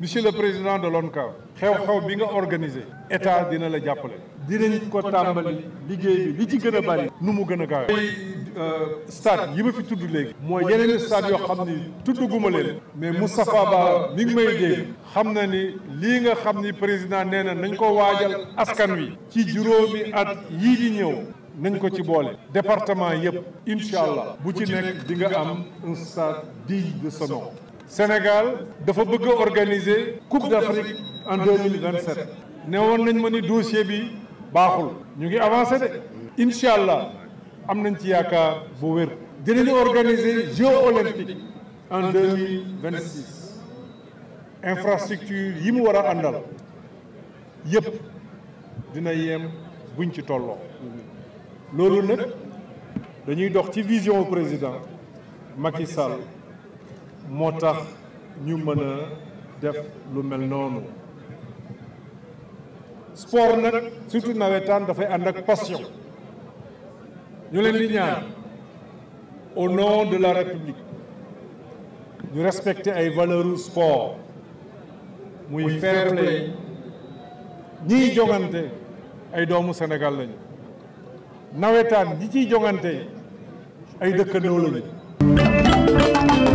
Monsieur le président de l'ONCAV xew-xew bi nga organisé état dina la jàppale. dinañ ko tàmbali liggéey bi li ci gën a bari. nu mu gën a gaawee. Euh, stade yi ma fi tudd léegi. mooy yeneen stade yoo xam ni tudd guma leen. mais Moustapha Ba mi ngi may dégg. xam na ni lii nga xam ni président nee na nañ ko waajal askan wi. ci juróomi at yii di ñëw. nañ ko ci boole département yëpp incha allah bu ci nekk di nga am un stade digne de son Sénégal dafa bëgg a organiser Coupe d'Afrique en 2027 ne woon nañ ma ni dossier bi baaxul ñu ngi avancé de incha allah am nañ ci yaakaar bu wér dinañu organiser Jeux olympiques en 2026 infrastructure yi mu war a àndal yëpp dina yem buñ ci tolloo loolu nag dañuy dox ci vision président Macky Sall moo tax ñu mën a def lu mel noonu sport nag surtout nawetaan dafay ànd ak passion ñu leen di au nom de la République ñu respecter ay valeurs sport muy fair play ñiy jogante ay doomu Sénégal lañu nawetaan ñi ciy jongante ay dëkkandoo lañu